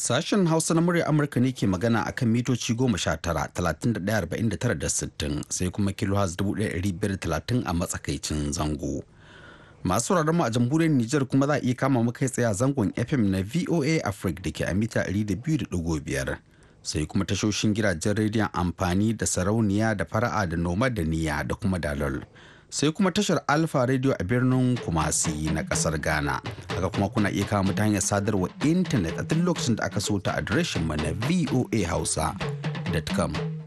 Sashen Hausa na murya Amurka ne ke magana a kan mitoci goma sha tara, talatin da tara da sittin, sai kuma kilohaz dubu ɗaya ɗari biyar a matsakaicin zango. Masu sauraron mu a jamhuriyar Nijar kuma za a iya kama mu kai tsaye zangon FM na VOA Africa da ke a mita ɗari biyar. Sai kuma tashoshin gidajen rediyon amfani da sarauniya da fara'a da noma da niyya da kuma dalol. sai kuma tashar alfa radio a birnin kumasi na kasar ghana haka kuma kuna iya kawo mu ta hanyar sadarwa intanet a duk lokacin da aka so ta adireshin mana voa hausa.com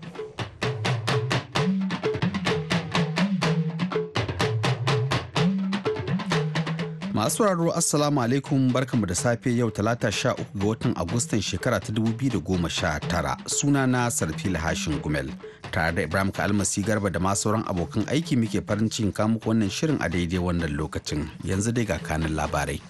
Masu sauraro Assalamu alaikum barkamu da safe yau talata sha uku ga watan Agustan shekara ta dubu biyu da goma sha tara suna na Sarfil Hashin Gumel tare da Ibrahim Kalmasi Garba da masu sauran abokan aiki muke farin cikin kamuku wannan shirin a daidai wannan lokacin yanzu dai ga kanin labarai.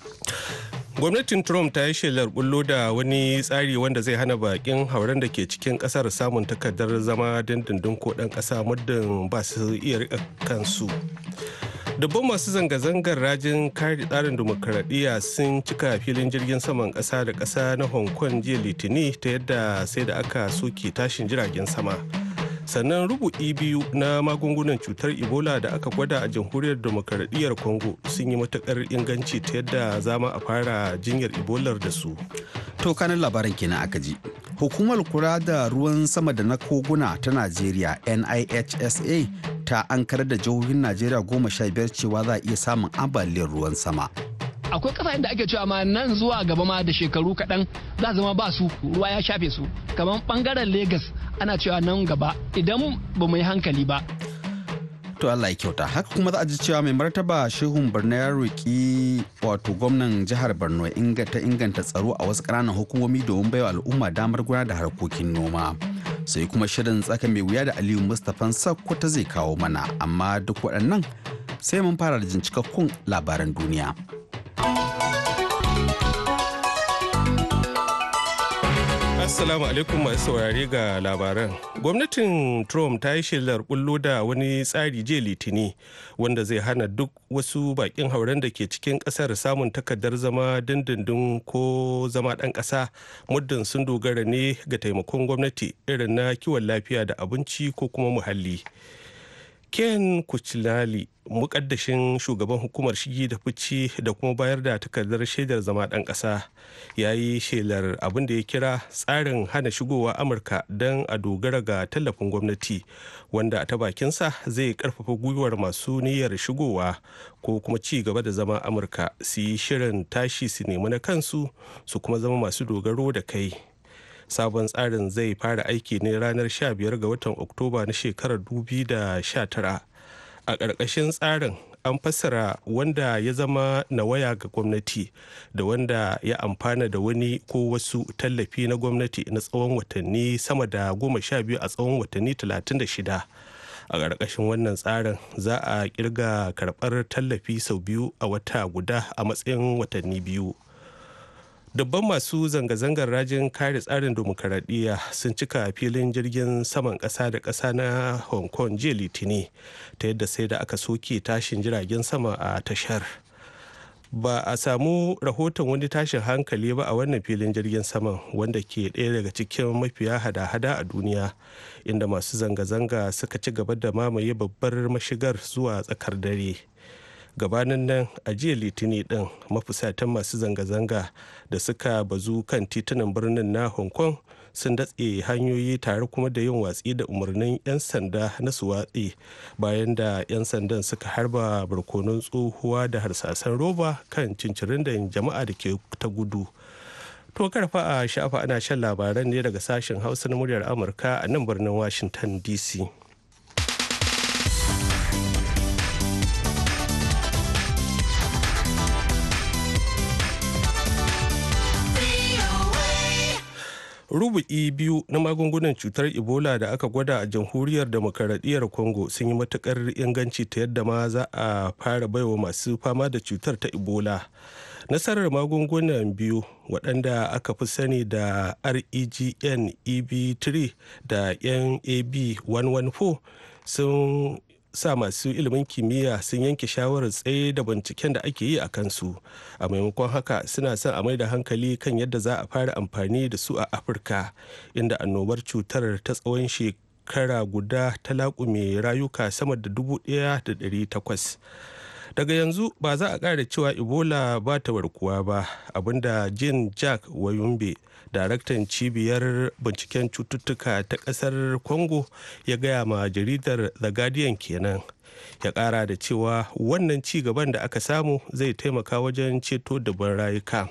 gwamnatin trump ta yi shelar bullo da wani tsari wanda zai hana bakin hauren da ke cikin kasar samun takardar zama dindindin ko dan kasa muddin ba su iya rika kansu dubban masu zanga-zangar rajin kare tsarin dimokuraɗiyya sun cika filin jirgin saman ƙasa da ƙasa na hong kong jiya litini ta yadda sai da aka soke tashin jiragen sama sannan rubu'i biyu na magungunan cutar ebola da aka gwada a jamhuriyar dimokuraɗiyyar congo sun yi matuƙar inganci ta yadda zama a fara jinyar Ebola da su to kanin labarin kenan aka ji hukumar kura da ruwan sama da na koguna ta najeriya nihsa ta an da jihohin najeriya goma sha biyar cewa za a iya samun ambaliyar ruwan sama akwai kasashen da ake cewa ma nan zuwa gaba ma da shekaru kaɗan za zama ba su ruwa ya shafe su kamar ɓangaren Legas ana cewa nan gaba idan ba mu yi hankali ba to Allah ya kyauta haka kuma za a ji cewa mai martaba shehun Borno ya roƙi wato gwamnan jihar Borno inganta inganta tsaro a wasu ƙananan hukumomi domin baiwa al'umma damar gudanar da harkokin noma. sai kuma shirin tsaka mai wuya da aliyu mustapha sakkwata zai kawo mana amma duk waɗannan sai mun fara da labaran duniya. Assalamu alaikum masu saurare ga labaran. Gwamnatin Trump ta yi shelar bullo da wani tsari je litini wanda zai hana duk wasu bakin hauren da ke cikin kasar samun takardar zama dindindin ko zama ɗan ƙasa muddin sun dogara ne ga taimakon gwamnati irin na kiwon lafiya da abinci ko kuma muhalli. Ken Kuchilali mukaddashin shugaban hukumar shigi da fici da kuma bayar da takardar shaidar zama ɗan ƙasa ya yi shelar abin ya kira tsarin hana shigowa amurka don a dogara ga tallafin gwamnati wanda a ta bakinsa zai karfafa gwiwar masu niyyar shigowa ko kuma ci gaba da zama amurka su yi shirin tashi su nemi na kansu su kuma zama masu dogaro da kai sabon tsarin zai fara aiki ne ranar 15 ga watan oktoba na shekarar 2019 a ƙarƙashin tsarin an fassara wanda ya zama na waya ga gwamnati da wanda ya amfana da wani ko wasu tallafi na gwamnati na tsawon watanni sama da goma sha biyu a tsawon watanni talatin da shida a ƙarƙashin wannan tsarin za a ƙirga karɓar tallafi sau biyu a wata guda a matsayin watanni biyu dubban masu zanga-zangar rajin kare tsarin demokaradiyya sun cika filin jirgin saman ƙasa da ƙasa na hong kong jiya litini ta yadda sai da aka soke tashin jiragen sama a tashar ba a samu rahoton wani tashin hankali ba a wannan filin jirgin saman wanda ke ɗaya daga cikin mafiya hada-hada a duniya inda masu zanga-zanga suka ci gaba da mamaye babbar mashigar zuwa tsakar dare. gabanin nan a jiya Litinin din mafusatan masu zanga-zanga da suka bazu kan titunan birnin na hong kong sun datse hanyoyi tare kuma da yin watsi da umarnin 'yan sanda na su watsi bayan da 'yan sandan suka harba barkonon tsohuwa da harsasan roba kan cincirin da jama'a da ke ta gudu to karfa a sha'afa ana shan labaran ne daga sashen hausa na muryar amurka a nan birnin washington dc rubu'i biyu na magungunan cutar ebola da aka gwada a jamhuriyar demokaradiyyar congo sun yi matukar inganci ta yadda ma za a fara baiwa masu fama da cutar ta ebola nasarar magungunan biyu waɗanda aka fi sani da regn eb3 da nab 114 sun sa masu ilimin kimiyya sun yanke shawarar tsaye da binciken da ake yi a kansu a maimakon haka suna son a mai da hankali kan yadda za a fara amfani da su a afirka inda annobar cutar ta tsawon shekara guda ta laƙume rayuka sama da dubu ɗaya da ɗari takwas. daga yanzu ba za a ƙara cewa ebola ba ta warkuwa ba abinda jin jack wayumbe daraktan cibiyar binciken cututtuka ta kasar congo ya gaya ma jaridar the guardian kenan ya kara da cewa wannan ci gaban da aka samu zai taimaka wajen ceto dubban rayuka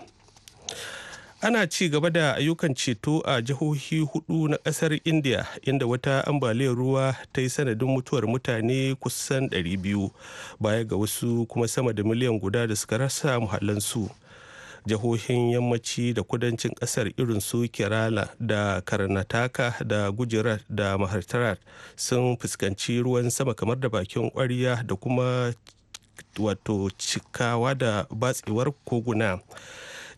ana ci gaba da ayyukan ceto a jihohi hudu na kasar india inda wata ambaliyar ruwa ta yi sanadin mutuwar mutane kusan 200 baya ga wasu kuma sama da miliyan guda da suka rasa muhallansu. jihohin yammaci da kudancin kasar irin su kerala da karnataka da gujarat da mahartarat sun fuskanci ruwan sama kamar da bakin kwarya da kuma wato cikawa da batsewar koguna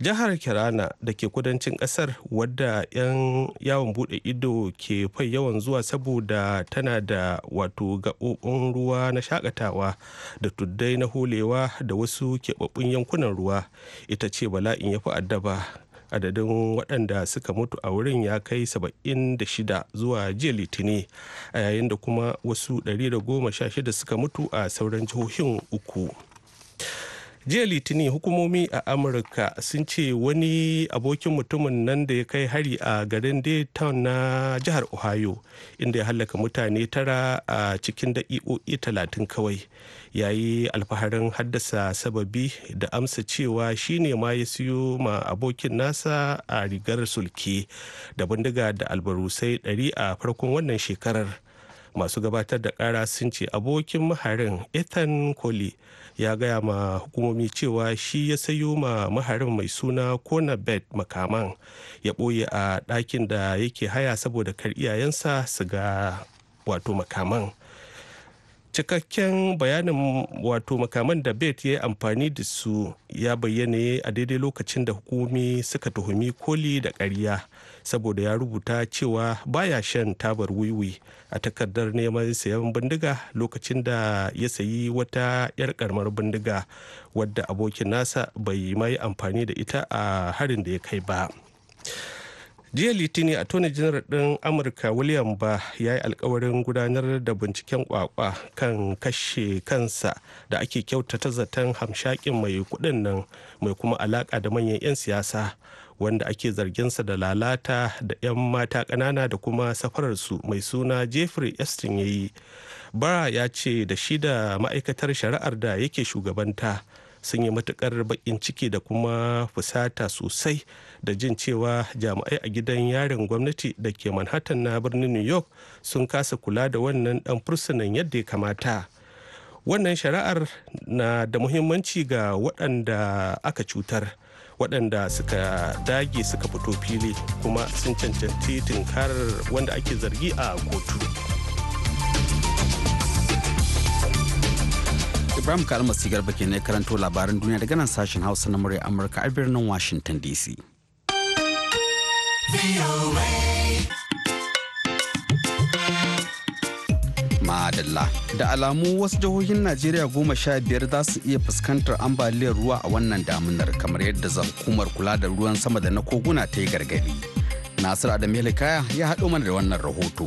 jihar kirana da ke kudancin kasar wadda 'yan yawon bude ido ke fai yawan zuwa saboda tana da wato gaɓoɓin ruwa na shakatawa da tuddai na hulewa da wasu keɓaɓɓun yankunan ruwa ita ce bala'in ya fi addaba adadin waɗanda suka mutu a wurin ya kai 76 zuwa jiya litini a yayin da kuma wasu 116 suka mutu a sauran jihohin uku. jiya litinin hukumomi a amurka sun ce wani abokin mutumin nan da ya kai hari a garin dayton na jihar ohio inda ya hallaka mutane tara a cikin da'i'o'i talatin kawai ya yi alfaharin haddasa sababi da amsa cewa shine ma ya siyo ma abokin nasa a rigar sulke da bindiga da albarusai 100 a farkon wannan shekarar masu gabatar da kara sun ce abokin maharin ethan coley ya gaya ma hukumomi cewa shi ya sayo ma maharin mai suna kona bed makaman ya ɓoye a ɗakin da yake haya saboda kar iyayensa su ga wato makaman cikakken bayanin wato makaman da bet ya yi amfani da su ya bayyana a daidai lokacin da hukumi suka tuhumi koli da ƙarya saboda ya rubuta cewa baya shan tabar wiwi a takardar neman sayan bindiga lokacin da ya sayi wata 'yar karamar bindiga wadda abokin nasa bai mai amfani da ita a harin da ya kai ba jiya litini a tony general din amurka william ba ya yi alkawarin gudanar da binciken kwakwa kan kashe kansa da ake kyautata zaton hamshakin mai kudin nan mai kuma alaka da manyan 'yan siyasa wanda ake zarginsa da lalata da 'yan mata ƙanana da kuma safararsu mai suna jeffrey estin ya yi bara ya ce da shi da ma'aikatar shari'ar da yake shugabanta sun yi matukar baƙin ciki da kuma fusata sosai da jin cewa jami'ai a gidan yarin gwamnati da ke manhattan na birnin new york sun kasa kula da wannan dan fursunan yadda ya kamata wannan shari'ar na da muhimmanci ga waɗanda aka cutar waɗanda suka dage suka fito fili kuma sun cancanci tinkarar wanda ake zargi a kotu ibrahim kalmar sigar ke ne karanto labaran duniya daga nan sashen hausa na murya amurka a birnin washington dc madalla da alamu wasu jihohin najeriya goma sha biyar za su iya fuskantar ambaliyar ruwa a wannan damunar kamar yadda hukumar kula da ruwan sama da na koguna ta yi gargadi nasir adam kaya ya haɗo mana da wannan rahoto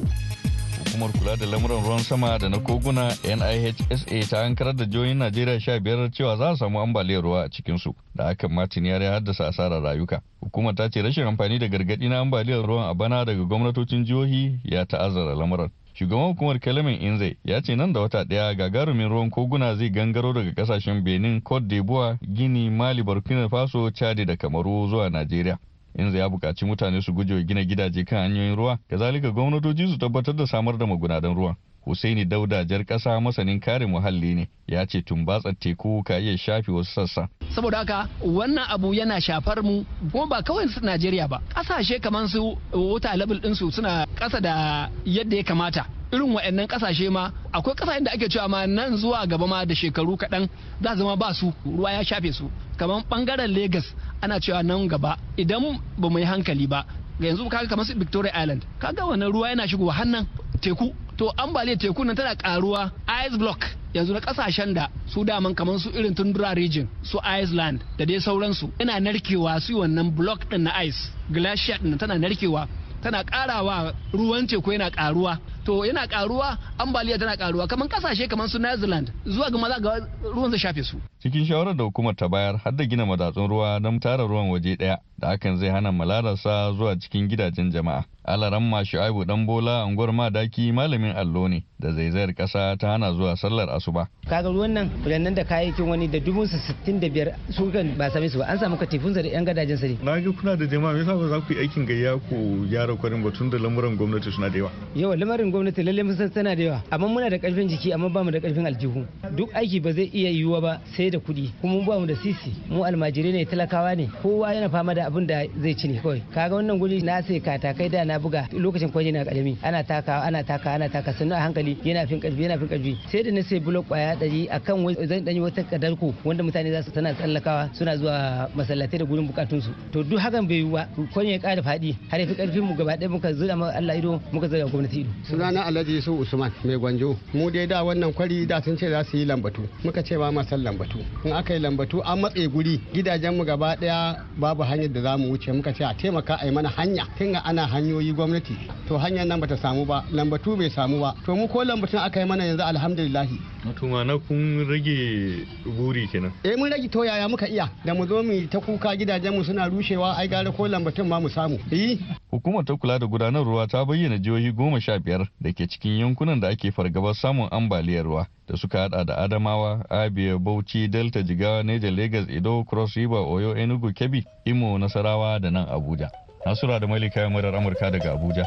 hukumar kula da lamuran ruwan sama da na koguna nihsa ta hankarar da jihohin najeriya sha biyar cewa za a samu ambaliyar ruwa a cikinsu da hakan martin ya haddasa asarar rayuka hukumar ta ce rashin amfani da gargaɗi na ambaliyar ruwan a bana daga gwamnatocin jihohi ya ta'azzara lamuran shugaban hukumar kalamin inzai ya ce nan da wata daya gagarumin ruwan koguna zai gangaro daga kasashen benin cote d'ivoire gini mali burkina faso chad da kamaru zuwa najeriya yanzu ya bukaci mutane su gujewa gina gidaje kan hanyoyin ruwa kazalika gwamnatoci su tabbatar da samar da magunadan ruwa Husaini Dauda jar ƙasa masanin kare muhalli ne ya ce tumbatsar teku ka iya shafe wasu sassa. Saboda haka wannan abu yana shafar mu kuma ba kawai Najeriya ba. Ƙasashe kamar su wuta level su suna ƙasa da yadda ya kamata. irin wa'annan kasashe ma akwai kasashen da ake cewa ma nan zuwa gaba ma da shekaru kaɗan za zama ba su ruwa ya shafe su kamar bangaren lagos ana cewa nan gaba idan ba mu yi hankali ba ga yanzu kaga kamar su victoria island kaga wannan ruwa yana shigowa hannan teku to ambaliyar teku nan tana karuwa ice block yanzu na kasashen da su daman kamar su irin tundura region su iceland da dai sauransu yana narkewa su wannan block din na ice glacier din tana narkewa tana karawa ruwan teku yana karuwa to yana karuwa ambaliya tana karuwa kamar kasashe kamar su Netherlands zuwa ga maza ga ruwan zai shafe su cikin shawarar da hukumar ta bayar har da gina madatsun ruwa don tara ruwan waje daya da hakan zai hana malararsa zuwa cikin gidajen jama'a alaramma shu'aibu dan bola unguwar madaki malamin allo ne da zaizayar kasa ta hana zuwa sallar asuba kaga ruwan nan rannan da kayayyakin wani da dubun su sittin da biyar su ba same su ba an samu katifun da yan gadajen sare na ga kuna da jama'a me yasa ba za ku yi aikin gayya ku gyara kwarin batun da lamuran gwamnati suna da yawa yawa lamarin gwamnati lalle mun san tana da yawa amma muna da karfin jiki amma bamu da karfin aljihu duk aiki ba zai iya yiwuwa ba sai da kuɗi kuma bamu da sisi mu almajirai ne talakawa ne kowa yana fama da abin da zai ci ne kawai kaga wannan guri na sai katakai da na buga lokacin kwaje na karami ana takawa ana taka ana taka sannu a hankali yana fin karfi yana fin karfi sai da na sai bulok kwaya ɗari akan wai zan danyi wata kadarko wanda mutane za su tana tsallakawa suna zuwa masallatai da gurin bukatunsu to duk hakan bai yiwuwa kwanye ya ƙara faɗi har ya fi karfin mu gaba ɗaya muka zura ma Allah ido muka zura gwamnati ido sunana alhaji yusuf usman mai gwanjo mu dai da wannan kwari da sun ce za su yi lambatu muka ce ba masan lambatu in aka yi lambatu an matse guri gidajen mu gaba daya babu hanyar da za mu wuce muka ce a taimaka a yi mana hanya tun ana hanyoyi gwamnati to hanyar nan bata samu ba lambatu bai samu ba to mu ko lambatun aka yi mana yanzu alhamdulillahi Tuma na kun rage buri kenan. Eh mun rage to yaya muka iya da mu zo mu ta kuka gidajen mu suna rushewa ai gare ko lambatun ma mu samu. Eh? Hukumar ta kula da gudanar ruwa ta bayyana jihohi goma sha biyar da ke cikin yankunan da ake fargabar samun ambaliyar ruwa da suka hada da Adamawa, Abia, Bauchi, Delta, Jigawa, Neja, Lagos, Edo, Cross River, Oyo, Enugu, Kebbi, Imo, Nasarawa da nan Abuja. Nasura da Malika Yamarar Amurka daga Abuja,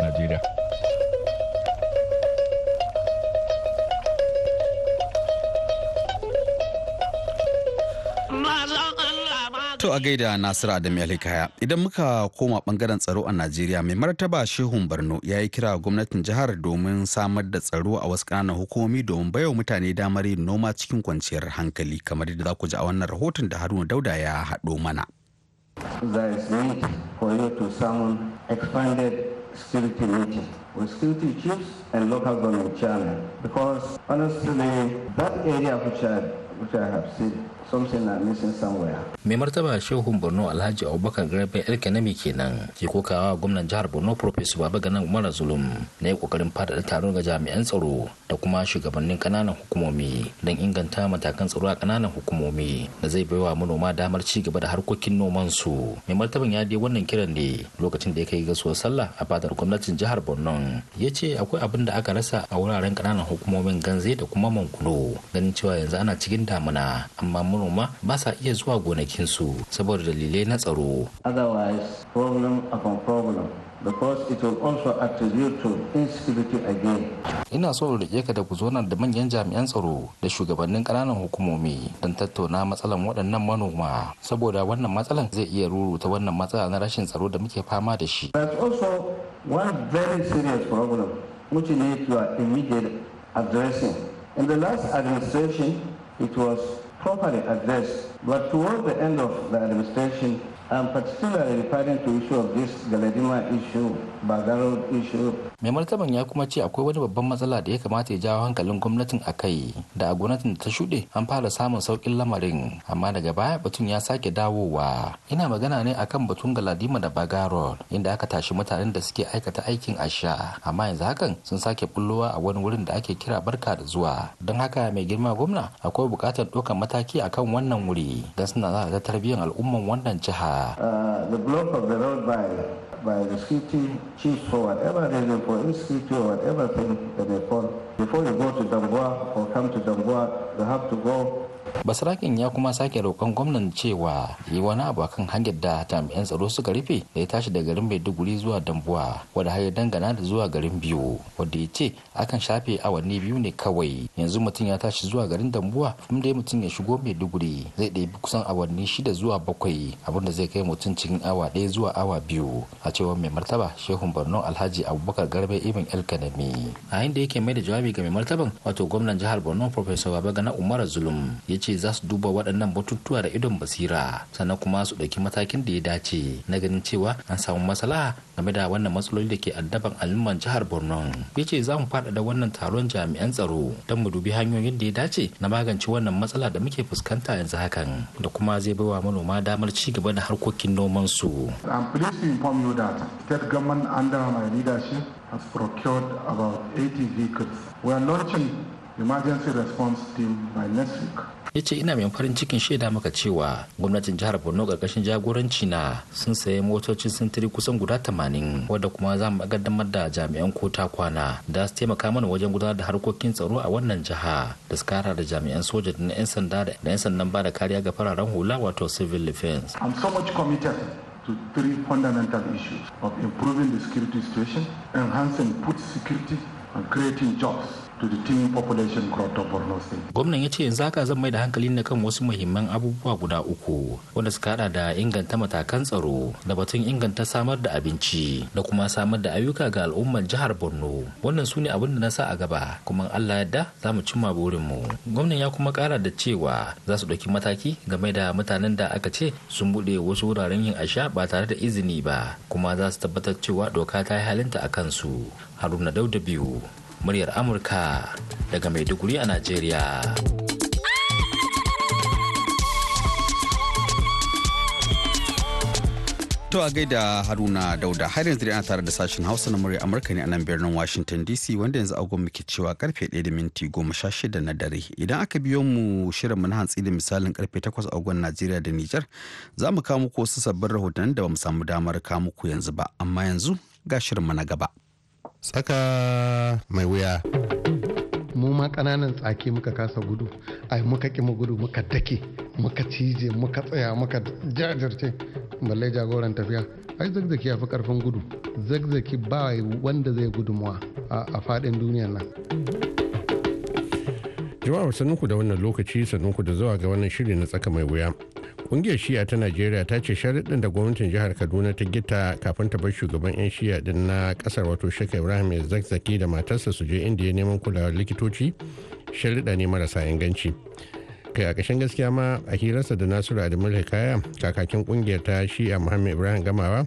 Najeriya. To a gaida Nasiru Adam kaya idan muka koma bangaren tsaro a Najeriya mai martaba Shehun Barno ya yi kira gwamnatin jihar domin samar da tsaro a wasu ƙananan hukumomi domin baiwa mutane damar yin noma cikin kwanciyar hankali kamar yadda za ku ji a wannan rahoton da Haruna Dauda ya haɗo mana. There is need for you to summon expanded security meeting with security chiefs and local government chairman because honestly that area which I, which I have seen Mai martaba Shehun Borno Alhaji Abubakar na mai kenan ke kokawa gwamnan jihar Borno Professor ganan Umar Zulum na yi kokarin fadada taron ga jami'an tsaro da kuma shugabannin kananan hukumomi don inganta matakan tsaro a kananan hukumomi da zai baiwa manoma damar ci gaba da harkokin noman su. Mai martaban ya dai wannan kiran ne lokacin da ya kai gasuwar sallah a fadar gwamnatin jihar Borno. Ya ce akwai abin da aka rasa a wuraren kananan hukumomin Ganze da kuma Mankuno ganin cewa yanzu ana cikin damuna amma manoma ba sa iya zuwa gonakinsu saboda dalilai na tsaro. Otherwise, problem upon problem. because it will also to Ina so rike ka da ku zonar da manyan jami'an tsaro da shugabannin ƙananan hukumomi don tattauna matsalan waɗannan manoma saboda wannan matsalan zai iya ruruta wannan matsala na rashin tsaro da muke fama da shi. also one very problem which your immediate addressing. In the last administration, it was properly addressed. But toward the end of the administration, I'm particularly referring to issue of this Galadima issue, Bagaro issue. Mai martaban ya kuma ce akwai wani babban matsala da ya kamata ya jawo hankalin gwamnatin a kai da a gwamnatin da ta shuɗe an fara samun saukin lamarin amma daga baya batun ya sake dawowa. Ina magana ne akan batun Galadima da bagaro inda aka tashi mutanen da suke aikata aikin asha amma yanzu hakan sun sake bullowa a wani wurin da ake kira barka da zuwa don haka mai girma gwamna akwai buƙatar ɗaukar mataki akan wannan wuri don suna za ta tarbiyyar al'umman wannan jiha. Uh, cewa ya kuma sake roƙon gwamnan cewa yi wani abu akan hanyar da jami'an tsaro suka rufe da ya tashi da garin maiduguri zuwa dambuwa wadda har ya dangana da zuwa garin biyu wadda ya ce akan shafe awanni biyu ne kawai yanzu mutum ya tashi zuwa garin dambuwa kuma dai mutum ya shigo maiduguri zai ɗabi kusan awanni shida zuwa bakwai abinda zai kai mutum cikin awa ɗaya zuwa awa biyu a cewar mai martaba shehun borno alhaji abubakar garbe ibn el kanami a inda da yake mai da jawabi ga mai martaban wato gwamnan jihar borno professor babagana umar zulum ya ce za su duba waɗannan batutuwa da idon basira sannan kuma su ɗauki matakin da ya dace na ganin cewa an samu masala game da wannan matsaloli da ke addaban al'umman jihar borno ya ce za mu faɗaɗa wannan taron jami'an tsaro don mu dubi hanyoyin da ya dace na magance wannan matsala da muke fuskanta yanzu hakan da kuma zai bai wa manoma damar ci gaba da har harkokin noman I'm pleased to inform you that state government under my leadership has procured about 80 vehicles. We are emergency response team by next week. ya ce ina mai farin cikin shaida maka cewa gwamnatin jihar borno karkashin jagoranci na sun sayi motocin sintiri kusan guda tamanin wadda kuma za mu kaddamar da jami'an kota kwana da su taimaka mana wajen gudanar da harkokin tsaro a wannan jiha da su kara da jami'an soja da na 'yan sanda da 'yan sandan ba da kariya ga fararen hula wato civil defense. I'm so much committed to three fundamental issues of improving the security situation, enhancing food security and creating jobs. Gwamnan ya ce yanzu haka zan mai da hankali ne kan wasu muhimman abubuwa guda uku wanda suka hada da inganta matakan tsaro da batun inganta samar da abinci da kuma samar da ayyuka ga al'ummar jihar Borno. Wannan su ne abin da na sa a gaba kuma Allah yadda za mu cimma burinmu. Gwamnan ya kuma kara da cewa za su ɗauki mataki game da mutanen da aka ce sun buɗe wasu wuraren yin asha ba tare da izini ba kuma za su tabbatar cewa doka ta yi halinta a kansu. Haruna Dauda biyu muryar amurka daga maiduguri a najeriya To a gaida Haruna Dauda har yanzu dai ana tare da sashen Hausa na murya Amurka ne a nan birnin Washington DC wanda yanzu agon muke cewa karfe 1 da minti 16 na dare. Idan aka biyo mu shirin na hantsi da misalin karfe 8 agon Najeriya da Nijar za mu kawo muku wasu sabbin rahotannin da bamu samu damar kawo muku yanzu ba amma yanzu ga shirin na gaba. tsaka mai wuya mu ma ƙananan tsaki muka kasa gudu ai muka kima gudu muka dake muka cije muka tsaya muka jajirce balle jagoran tafiya ai zagzaki ya fi ƙarfin gudu zagzaki ba wanda zai gudunmuwa a faɗin duniyar nan jama'a ku da wannan lokaci ku da zuwa ga wannan shiri na tsaka mai wuya kungiyar shiya ta najeriya ta ce sharaɗin da gwamnatin jihar kaduna ta gita kafin ta bar shugaban 'yan shiya din na kasar wato shaka ibrahim ya zakzaki da matarsa su je inda ya neman kulawar likitoci sharaɗa ne marasa inganci kai a ƙashin gaskiya ma a hirarsa da nasiru adamu kaya kakakin kungiyar ta shi'a muhammad ibrahim gamawa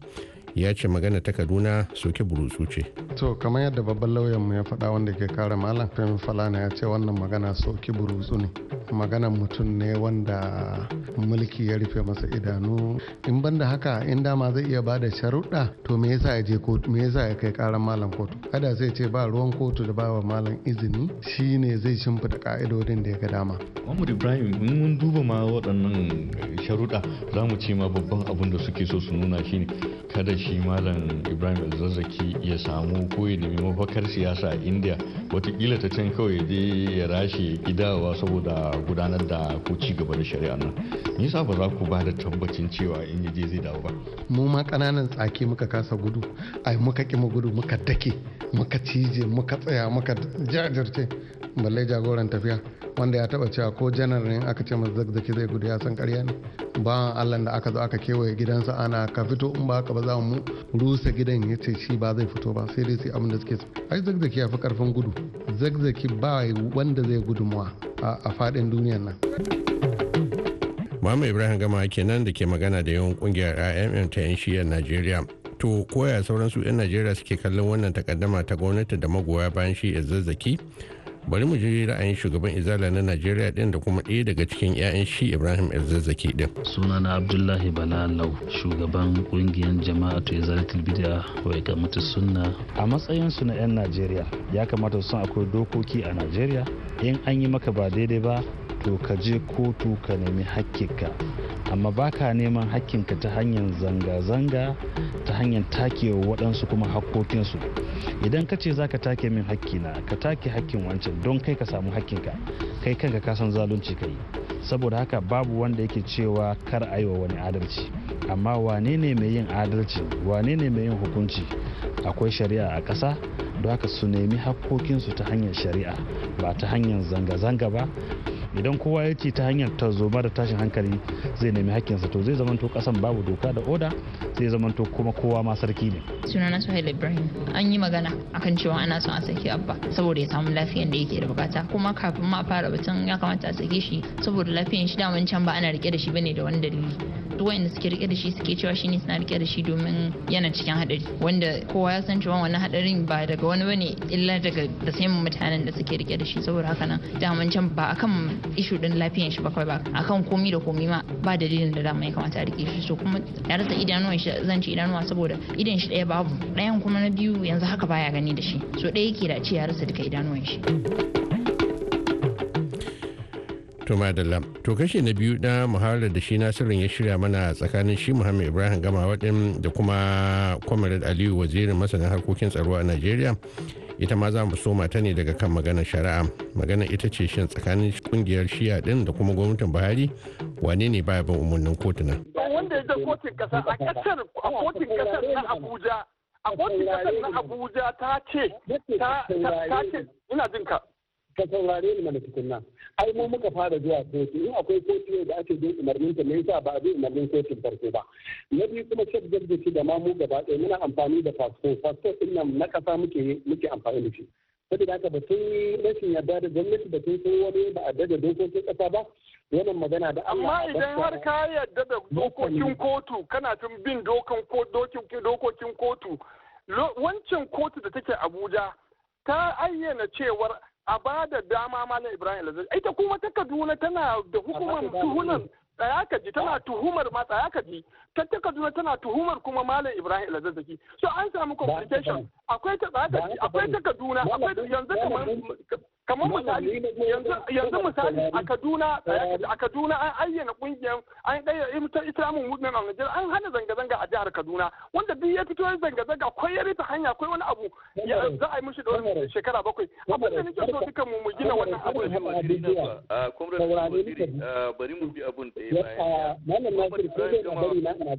ya ce magana ta kaduna soke burutsu ce to kamar yadda babban lauyan mu ya faɗa wanda ke kare malam femi falana ya ce wannan magana soke burutsu ne maganan mutum ne wanda mulki ya rufe masa idanu in ban da haka in dama zai iya ba da sharuɗa to me yasa ya je kotu me yasa ya kai karan malam kotu kada sai ce ba ruwan kotu da bawa malam izini shine zai shimfida ka'idodin da ya ga dama Muhammad Ibrahim in mun duba ma waɗannan sharuɗa za mu ce ma babban abin da suke so su nuna shine kada shi malam ibrahim zazzaki ya samu koyi da mafakar siyasa a india watakila ta can kawai dai ya rashe gidawa saboda gudanar da ko ci gaba da shari'a nan nisa ba za ku ba da tabbacin cewa in ya je zai dawo ba mu ma kananan tsaki muka kasa gudu ai muka kima gudu muka dake muka cije muka tsaya muka jajirce balle jagoran tafiya wanda ya taba cewa ko janar ne aka ce masa zakzaki zai gudu ya san karya ne bawan allah da aka zo aka kewaye gidansa ana ka fito in ba haka ba za mu rusa gidan ya ce shi ba zai fito ba sai dai sai abin da suke so ai zagzaki ya fi karfin gudu zazzaki ba wanda zai gudunmuwa a faɗin duniyar nan. Muhammad Ibrahim Gama nan da ke magana da yawan kungiyar IMM ta 'yan shiyar Najeriya. To koya sauransu 'yan Najeriya suke kallon wannan takaddama ta gwamnati da magoya bayan shi zazzaki bari mu je ra'ayin shugaban izala na najeriya din da kuma ɗaya daga cikin 'ya'yan shi ibrahim elzazzaki din sunana abdullahi balalau shugaban kungiyar jama'atu izalatul bid'a wai kamata sunna a matsayin su na 'yan najeriya ya kamata su san akwai dokoki a najeriya in an yi maka ba daidai ba to ka je kotu ka nemi hakkinka amma ba ka neman hakkinka ta hanyar zanga-zanga ta hanyar takewa waɗansu kuma hakkokinsu idan ka ce za ka take min hakkina ka take hakkin wancan don kai ka samu hakkinka kai kanka ka san zalunci ka yi saboda haka babu wanda yake cewa kar a yi wa wani adalci amma wane ne mai yin adalci wane ne mai yin hukunci akwai shari'a a ƙasa don haka su nemi hakkokinsu ta hanyar shari'a ba ta hanyar zanga-zanga ba idan kowa ya ce ta hanyar tarzoma da tashin hankali zai nemi hakkinsa to zai zamanto kasan babu doka da oda zai zamanto kuma kowa ma sarki ne sunana suhail ibrahim an yi magana akan cewa ana son a saki abba saboda ya samu lafiyan da yake da bukata kuma kafin ma fara batun ya kamata a saki shi saboda lafiyan shi daman can ba ana rike da shi bane da wani dalili wayanda suke rike da shi suke cewa shine suna rike da shi domin yana cikin hadari wanda kowa ya san cewa wannan hadarin ba daga wani bane illa daga da sai mutanen da suke rike da shi saboda haka nan daman can ba akan ishu din lafiyar shi ba kawai ba akan komi da komi ma ba dalilin da dama ya kamata a rike shi so kuma ya rasa idanuwan shi zan ci idanuwa saboda idan shi daya babu dayan kuma na biyu yanzu haka baya gani da shi so daya yake da ce ya rasa duka idanuwan shi to madalla to kashe na biyu na muhalar da shi nasirin ya shirya mana tsakanin shi muhammad ibrahim gama din da kuma comrade aliyu wazirin masanin harkokin tsaro a najeriya ita ma za mu soma ta ne daga kan maganar shari'a magana ita ce shin tsakanin kungiyar shiya din da kuma gwamnatin buhari wane ne baya bin umarnin kotuna wanda ya kotun a a kotun kasar na a kotun kasar na abuja ta ce ta ce ina jinka ta saurare ni mana tukunna ai mu muka fara zuwa kotu in akwai kotu da ake bin umarnin ta me yasa ba a bi umarnin kotun farko ba na biyu kuma shek jabdaci da ma mu gaba ɗaya muna amfani da fasfo fasfo din nan na ƙasa muke muke amfani da shi saboda haka batun rashin yarda da gwamnati batun sun wani ba a daga dokokin ƙasa ba wannan magana da amma idan har ka yarda da dokokin kotu kana tun bin dokokin kotu wancan kotu da take abuja ta ayyana cewar a ba da dama malam ibrahim lazar ita kuma ta kaduna tana da hukumar tuhunan tsaya ka ji tana tuhumar ma tsaya ka ji ta ta kaduna tana tuhumar kuma malam ibrahim alazari so an samu complication akwai ta tsaya ka ji akwai ta kaduna akwai yanzu kamar kamar misali yanzu misali a eh. Kaduna a Kaduna an ayyana kungiyar an ɗaya imtar islamun Nigeria an hana zanga-zanga a jihar Kaduna wanda duk ya fito zanga-zanga akwai yare ta hanya akwai wani abu za a yi mishi da wani shekara bakwai abin da nake so dukan mu mu gina wannan abu da ah, ah, bari mu bi abun da ya bayan ah, Muhammad Ibrahim Jama'a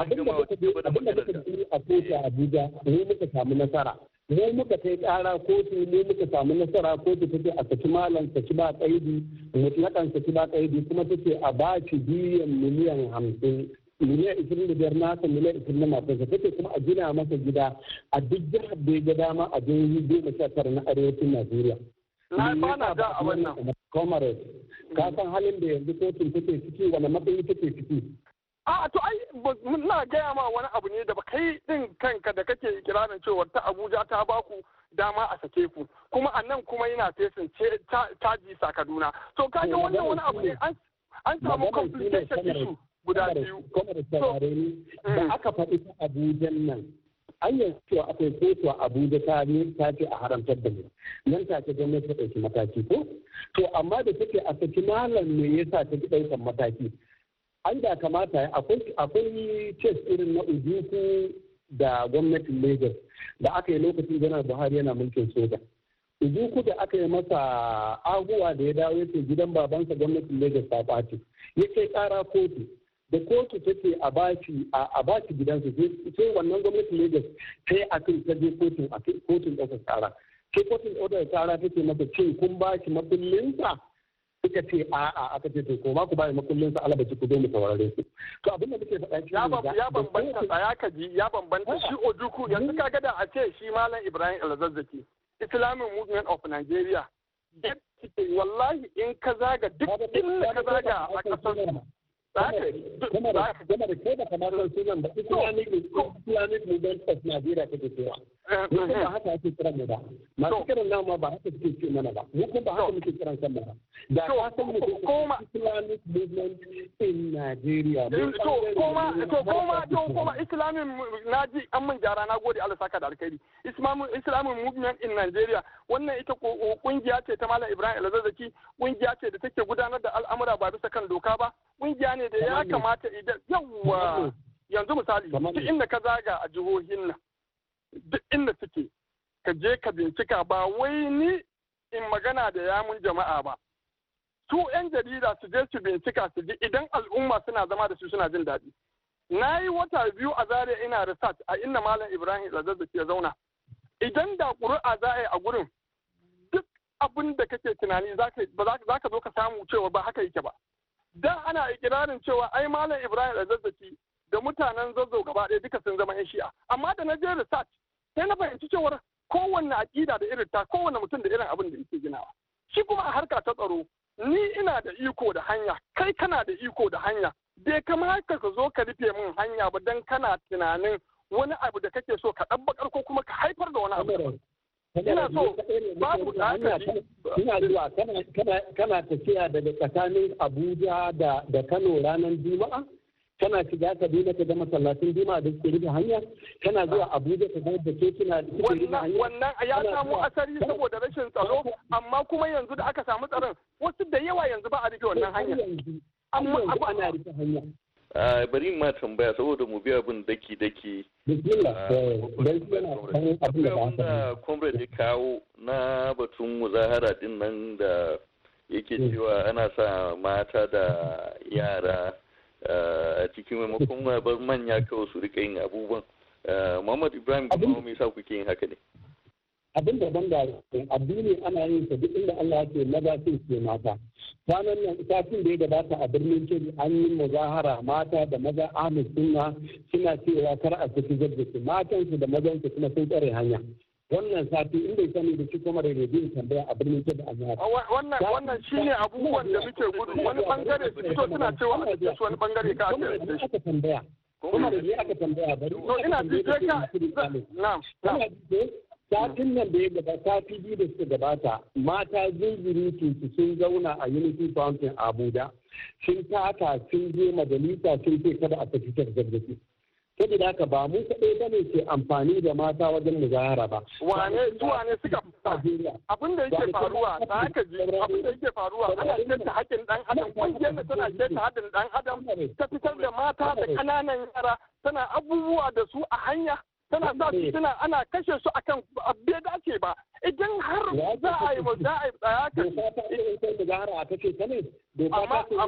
abin da kuka a Abuja ne muka samu nasara mu muka kai kara kotu mu muka samu nasara kotu take a saki malam saki ba kaidi mutlakan saki ba kaidi kuma take a ki biyan miliyan hamsin miliyan ishirin da biyar nasa miliyan ishirin na ta take kuma a gina masa gida a duk jihar da ya ga dama a jihohi goma sha tara na arewacin najeriya na bana da a wannan comrade ka san halin da yanzu kotun take ciki wani matsayi take ciki a to ai na gaya ma wani abu ne da ba kai din kanka da kake kiranin cewa ta abuja ta baku dama a sake ku kuma a nan kuma yana fesin caji sa kaduna to kaga wannan wani abu ne an samu complication issue guda biyu da mm. aka faɗi ta abujan nan an yanzu cewa akwai kotu a abuja ta ta ce a haramtar da mu nan ta ce gwamnati ta ɗauki mataki ko to amma da take a saki malam ne yasa ta ɗaukan ɗaukar mataki an da kamata akwai kes irin na ujuku da gwamnatin lagos da aka yi lokacin janar buhari yana mulkin soja ujuku da aka yi masa aguwa da ya dawo yake gidan babansa gwamnatin lagos ta ɓaci ya kai ƙara kotu da kotu take a baki, a baci gidansa sai wannan gwamnatin lagos ta yi akan ta je kotun ɗaukar ƙara sai kotun ɗaukar ƙara take masa cin kun baci makullinsa suka ce a'a aka ce to koma ku bayan makullin sa ci ku zo mu saurare su to abin da muke faɗa shi ya bambanta tsaya ka ji ya bambanta shi ojuku yanzu kaga da a ce shi malam Ibrahim Alzazzaki Islamic Movement of Nigeria wallahi in ka zaga duk da ka zaga a kasar kuma da ke da kamar sunan da Islamic Movement of Nigeria ke cewa. Eh, eh. ba haka ake kiran mu ba masu kiran nan ma ba haka suke ce mana ba mu kuma ba haka muke kiran kan ba da ka san mu koma islamic movement in Nigeria eh, to koma to koma to koma islamic naji an mun gyara na gode Allah saka da alkhairi islamic movement in Nigeria wannan ita kungiya ce ta Malam Ibrahim Alzazzaki kungiya ce da take gudanar da al'amura ba bisa kan doka ba kungiya ne da ya kamata idan yawwa yanzu misali duk inda ka zaga a jihohin nan duk inda suke ka je ka bincika ba wai ni in magana da yamun jama'a ba su 'yan jarida su je su bincika su ji idan al'umma suna zama da su suna jin daɗi na yi wata biyu a zare ina research a inda malam ibrahim zazzaki ke zauna idan da ƙuri'a za a yi a gurin duk abin da kake tunani za ka zo ka samu cewa ba haka yake ba dan ana ikirarin cewa ai malam ibrahim zazzaci da mutanen zazzau gaba ɗaya duka sun zama 'yan shi'a amma da na je research sai na fahimci cewar kowanne aƙida da irin ta kowanne mutum da irin abin da yake ginawa shi kuma a harka ta tsaro ni ina da iko da hanya kai kana da iko da hanya bai kamata ka zo ka rufe min hanya ba dan kana tunanin wani abu da kake so ka ɗabbakar ko kuma ka haifar da wani abu ina so babu da ina zuwa kana tafiya daga tsakanin abuja da kano ranar juma'a kana shiga Kaduna ka gama masallacin Juma'a da suke rufe hanya kana zuwa Abuja ka ga da kekuna da suke rufe hanya wannan ya samu asali saboda rashin tsaro amma kuma yanzu da aka samu tsaron wasu da yawa yanzu ba a rufe wannan hanya amma abu ana rufe hanya ah, bari ma tambaya saboda mu biya abin daki daki ah, eh, abin da comrade ya kawo na batun muzahara din nan da yake hmm. cewa ana sa mata da yara Eh, a cikin maimakon bar manya kawai su rika yin abubuwan eh, Muhammad Ibrahim kuma sa kuke yin haka ne abin da ban da addini ana yin sa duk inda Allah ya ce maza sun ce mata kwanan nan satin da ya gabata a birnin Kebbi an yi muzahara mata da maza amin suna suna cewa kar a saki zabbaci matan da mazan su kuma sun tsare hanya wannan sati in bai sani da shi kuma da rediyon tambaya a birnin kebbi a jihar. wannan wannan shine abubuwan da muke gudu wani bangare su fito suna cewa a cikin su wani bangare ka aka tambaya. kuma da je aka tambaya bari. to ina ji sai ka na'am na'am. satin nan da ya gaba sati biyu da suka gabata mata jinjiri tutu sun zauna a unity fountain abuja sun taka sun je majalisa sun ce kada a tafi tarzabbaki. saboda haka ba mu kaɗai ba ne ke amfani da mata wajen muzahara ba. Wane zuwa ne suka abin da yake faruwa da haka ji abin da yake faruwa ana ta haƙƙin ɗan adam ƙungiyar da tana ta haɗin ɗan adam ta fitar da mata da ƙananan yara tana abubuwa da su a hanya tana sa fitina eh. ana kashe su akan bai dace ba idan har za a yi ba za a yi tsaya kan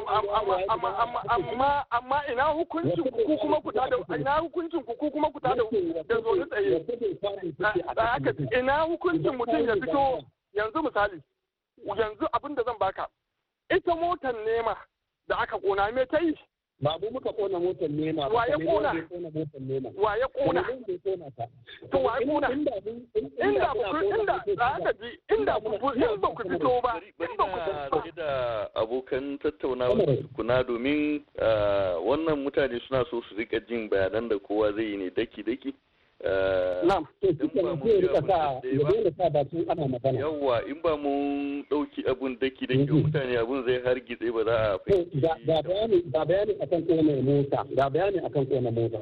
amma ina hukuncin ku kuma ku tada ina hukuncin ku ku kuma ku tada da zo tsaye tsaya ka ina hukuncin mutum ya fito yanzu misali yanzu abin da zan baka ita motar nema da aka kona me ta yi ba mu muka kona motar nema ba ya kona motar nema wa ya kona to wa ya kona inda inda inda da ji inda ku in ba ku fito ba in ba ku fito da abokan tattaunawa kuna domin ah, wannan mutane suna so su rika jin bayanan da kowa zai yi ne daki daki Eh, Yawwa in ba mun dauki abun daki ke mhm. mutane abun zai hargitse ba za a fahimci. Ga bayani a bayani akan mota, ga bayani kan kona mota.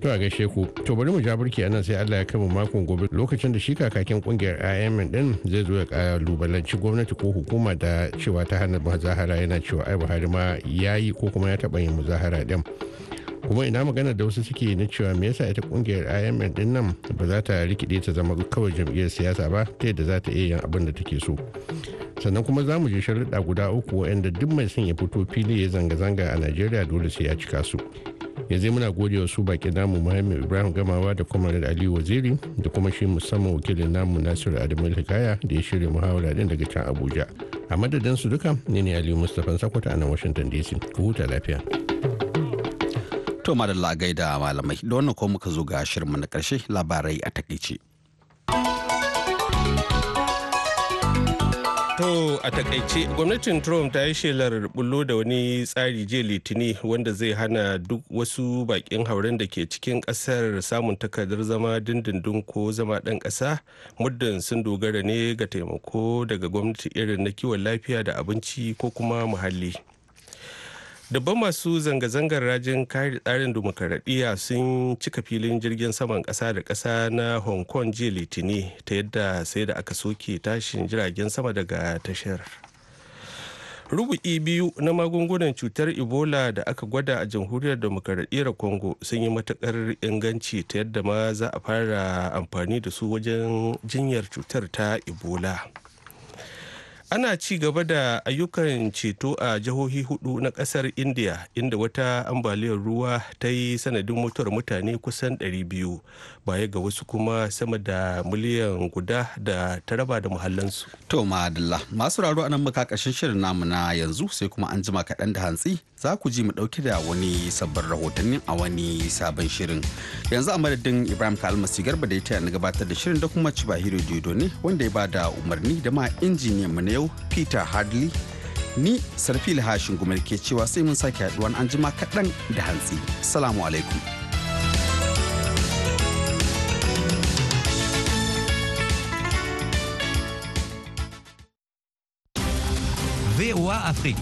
To a gaishe ku, to bari mu ja burki anan sai Allah ya kama makon gobe lokacin da shi kakakin kungiyar IMN din zai zo ya lubalanci gwamnati ko hukuma da cewa ta hana muzahara yana cewa ai Buhari ma yayi ko kuma ya taba yin muzahara din. kuma ina magana da wasu suke na cewa me yasa ita kungiyar imf din nan ba za ta rikide ta zama kawai jam'iyyar siyasa ba ta yadda za ta iya yin abin da take so sannan kuma za mu je sharuɗa guda uku waɗanda duk mai son ya fito fili ya zanga-zanga a najeriya dole sai ya cika su yanzu muna gode wa su baƙi namu muhammed ibrahim gamawa da kuma ali waziri da kuma shi musamman wakilin namu nasiru adamu hikaya da ya shirya muhawara din daga can abuja a madadin su duka ne ne aliyu mustapha sakwata a nan washington dc ku huta lafiya To madalla gaida malamai da wannan ko muka zo ga shirinmu na karshe labarai a takaice. To a takaice gwamnatin Trump ta yi shelar bullo da wani tsari jiya litini wanda zai hana duk wasu bakin hauren da ke cikin kasar samun takardar zama dindindin ko zama ɗan ƙasa muddin sun dogara ne ga taimako daga gwamnati irin na kiwon lafiya da abinci ko kuma muhalli. dabban masu zanga-zangar rajin kare tsarin dimokuraɗiyya sun cika filin jirgin saman ƙasa da ƙasa na hong kong jiya litini ta yadda sai da aka soke tashin jiragen sama daga tashar rubu'i biyu na magungunan cutar ebola da aka gwada a jamhuriyar dimokuraɗiyyar congo sun yi matakar inganci ta yadda ma za a fara amfani da su wajen jinyar cutar ta ebola ana ci gaba da ayyukan ceto a jihohi hudu na kasar india inda wata ambaliyar ruwa ta yi sanadin mutuwar mutane kusan 200 baya ga wasu kuma sama da miliyan guda da ta raba da muhallansu. To ma'adalla masu raro anan muka kashin shirin namu na yanzu sai kuma an jima kaɗan da hantsi za ku ji mu ɗauki da wani sabbin rahotannin a wani sabon shirin. Yanzu a madadin Ibrahim Kalmasi Garba da ya taya na gabatar da shirin da kuma Cibahiro Dodo ne wanda ya ba da umarni da ma injiniyan mu na yau Peter Hadley. Ni Sarfil Hashin Gumar ke cewa sai mun sake haɗuwan an jima kaɗan da hantsi. Salamu alaikum. Afrique.